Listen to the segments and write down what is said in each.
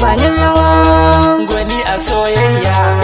gwanin rawa gwani a soyayya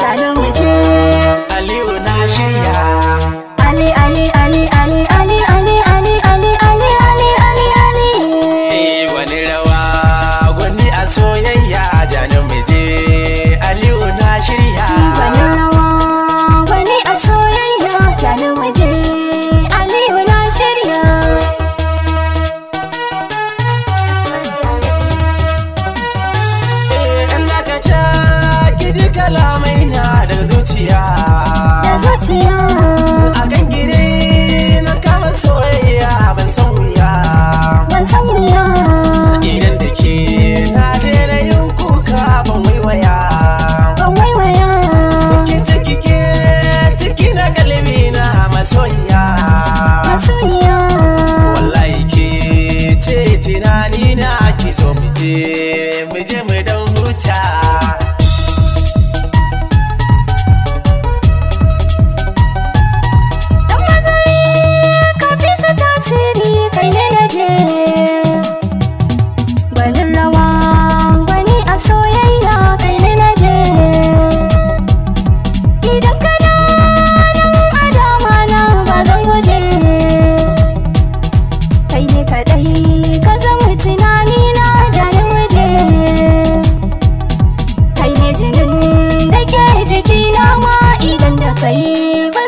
Ji kalamai na da zuciya Da zuciya kan gire ka ba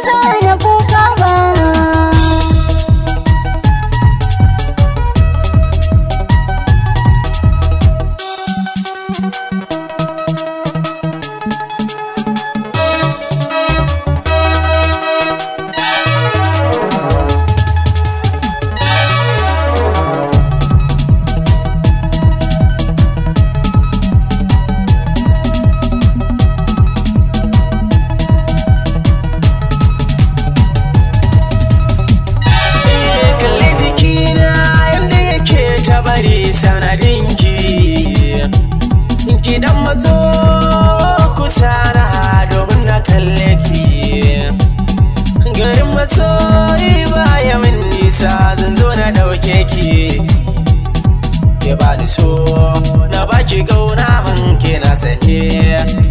sake ke ba ni so na baki gauna man ke na sake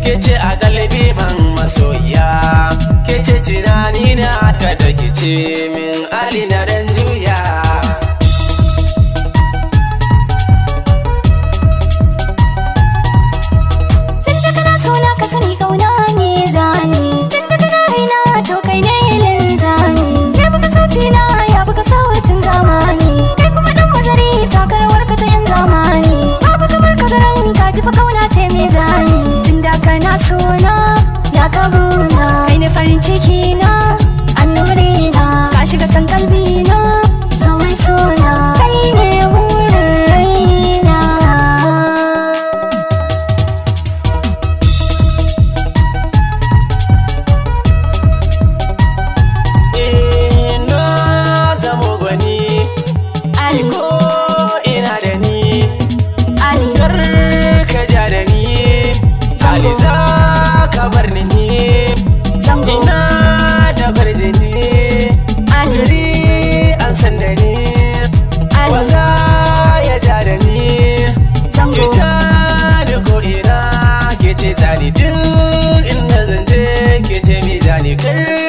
ke ce a galibi man masoya ke ce tunani na ka da ce min ali na you can